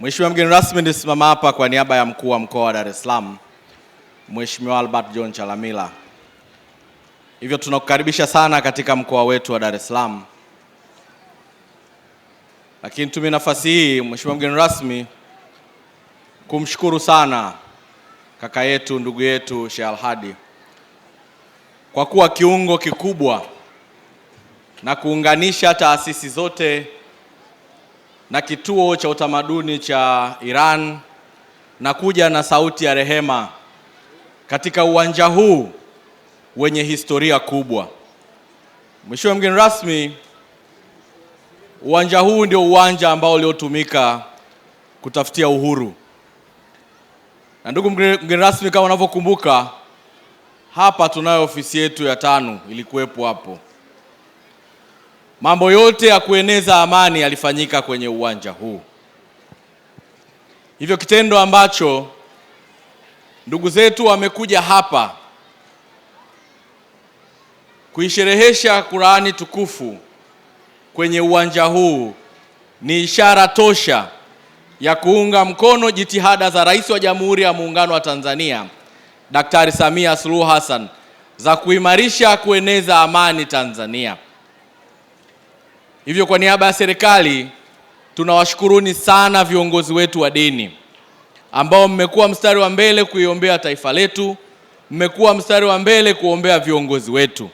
Mheshimiwa mgeni rasmi, nisimama hapa kwa niaba ya mkuu wa mkoa wa Dar es Salaam Mheshimiwa Albert John Chalamila. Hivyo tunakukaribisha sana katika mkoa wetu wa Dar es Salaam, lakini tumie nafasi hii Mheshimiwa mgeni rasmi kumshukuru sana kaka yetu ndugu yetu Sheikh Alhadi kwa kuwa kiungo kikubwa na kuunganisha taasisi zote na kituo cha utamaduni cha Iran na kuja na sauti ya rehema katika uwanja huu wenye historia kubwa. Mheshimiwa mgeni rasmi, uwanja huu ndio uwanja ambao uliotumika kutafutia uhuru. Na ndugu mgeni rasmi, kama unavyokumbuka, hapa tunayo ofisi yetu ya tano ilikuwepo hapo. Mambo yote ya kueneza amani yalifanyika kwenye uwanja huu. Hivyo kitendo ambacho ndugu zetu wamekuja hapa kuisherehesha Qur'ani tukufu kwenye uwanja huu ni ishara tosha ya kuunga mkono jitihada za Rais wa Jamhuri ya Muungano wa Tanzania Daktari Samia Suluhu Hassan za kuimarisha kueneza amani Tanzania. Hivyo kwa niaba ya serikali tunawashukuruni sana viongozi wetu wa dini ambao mmekuwa mstari wa mbele kuiombea taifa letu, mmekuwa mstari wa mbele kuombea viongozi wetu.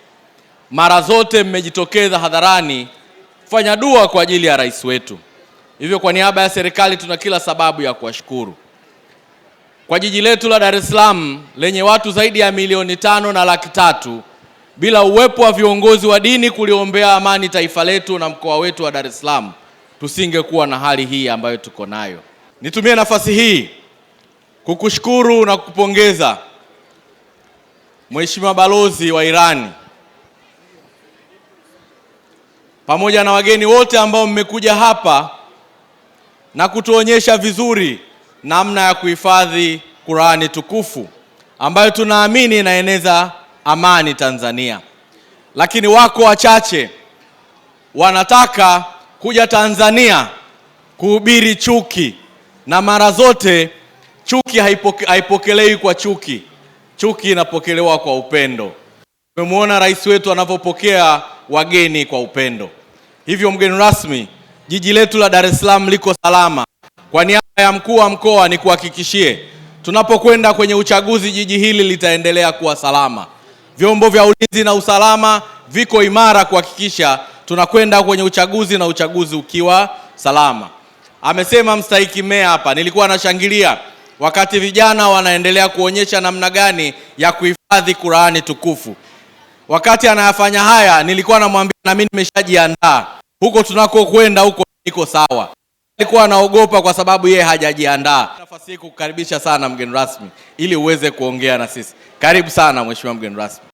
Mara zote mmejitokeza hadharani kufanya dua kwa ajili ya rais wetu. Hivyo kwa niaba ya serikali tuna kila sababu ya kuwashukuru. Kwa jiji letu la Dar es Salaam lenye watu zaidi ya milioni tano na laki tatu bila uwepo wa viongozi wa dini kuliombea amani taifa letu na mkoa wetu wa Dar es Salaam tusingekuwa na hali hii ambayo tuko nayo. Nitumie nafasi hii kukushukuru na kukupongeza Mheshimiwa Balozi wa Irani pamoja na wageni wote ambao mmekuja hapa na kutuonyesha vizuri namna ya kuhifadhi Qurani tukufu ambayo tunaamini inaeneza amani Tanzania, lakini wako wachache wanataka kuja Tanzania kuhubiri chuki, na mara zote chuki haipoke, haipokelewi kwa chuki. Chuki inapokelewa kwa upendo. Tumemwona rais wetu anavyopokea wageni kwa upendo. Hivyo mgeni rasmi, jiji letu la Dar es Salaam liko salama. Kwa niaba ya mkuu wa mkoa, nikuhakikishie tunapokwenda kwenye uchaguzi, jiji hili litaendelea kuwa salama. Vyombo vya ulinzi na usalama viko imara kuhakikisha tunakwenda kwenye uchaguzi na uchaguzi ukiwa salama. Amesema mstahiki meya hapa, nilikuwa nashangilia wakati vijana wanaendelea kuonyesha namna gani ya kuhifadhi Qur'ani tukufu. Wakati anayafanya haya, nilikuwa namwambia na mimi nimeshajiandaa, huko tunakokwenda huko niko sawa. Alikuwa anaogopa kwa sababu yeye hajajiandaa si kukaribisha sana mgeni rasmi ili uweze kuongea na sisi. Karibu sana mheshimiwa mgeni rasmi.